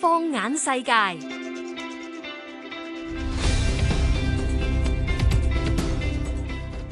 放眼世界。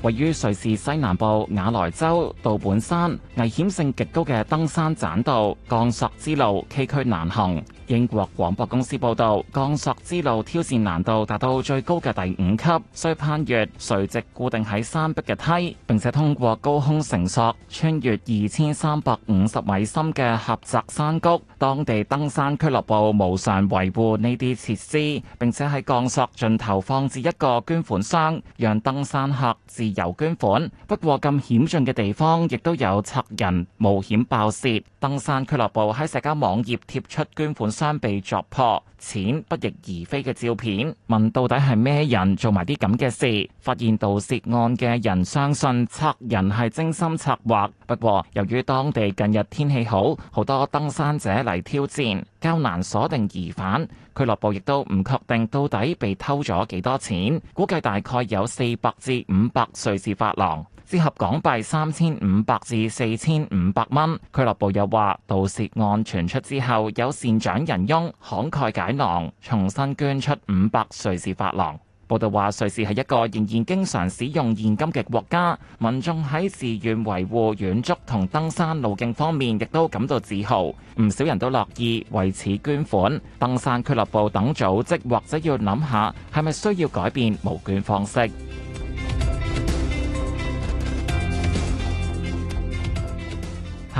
位於瑞士西南部瓦萊州杜本山，危險性極高嘅登山棧道鋼索之路崎嶇難行。英國廣播公司報道，鋼索之路挑戰難度達到最高嘅第五級，需攀越垂直固定喺山壁嘅梯，並且通過高空繩索穿越二千三百五十米深嘅狹窄山谷。當地登山俱樂部無償維護呢啲設施，並且喺鋼索盡頭放置一個捐款箱，讓登山客自有捐款，不過咁險峻嘅地方，亦都有賊人冒險爆竊。登山俱樂部喺社交網頁貼出捐款箱被鑿破、錢不翼而飛嘅照片，問到底係咩人做埋啲咁嘅事。發現盜竊案嘅人相信賊人係精心策劃。不過，由於當地近日天氣好，好多登山者嚟挑戰，較難鎖定疑犯。俱樂部亦都唔確定到底被偷咗幾多錢，估計大概有四百至五百瑞士法郎，折合港幣三千五百至四千五百蚊。俱樂部又話，盜竊案傳出之後，有善長仁翁慷慨解囊，重新捐出五百瑞士法郎。報道話，瑞士係一個仍然經常使用現金嘅國家，民眾喺自願維護遠足同登山路徑方面，亦都感到自豪。唔少人都樂意為此捐款。登山俱樂部等組織或者要諗下，係咪需要改變募捐方式。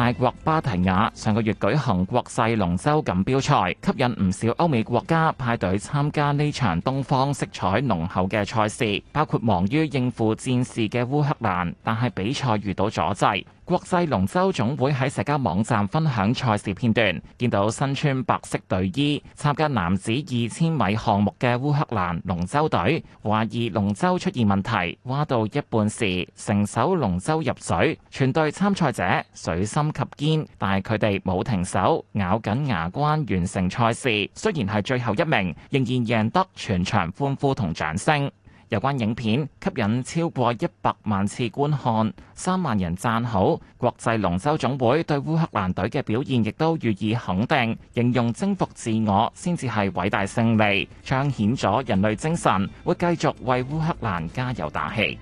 泰國芭提雅上個月舉行國際龍舟錦標賽，吸引唔少歐美國家派隊參加呢場東方色彩濃厚嘅賽事，包括忙於應付戰事嘅烏克蘭，但係比賽遇到阻滯。國際龍舟總會喺社交網站分享賽事片段，見到身穿白色隊衣參加男子二千米項目嘅烏克蘭龍舟隊，懷疑龍舟出現問題，劃到一半時，成艘龍舟入水，全隊參賽者水深及肩，但係佢哋冇停手，咬緊牙關完成賽事。雖然係最後一名，仍然贏得全場歡呼同掌聲。有關影片吸引超過一百萬次觀看，三萬人讚好。國際龍舟總會對烏克蘭隊嘅表現亦都予以肯定，形容征服自我先至係偉大勝利，彰顯咗人類精神，會繼續為烏克蘭加油打氣。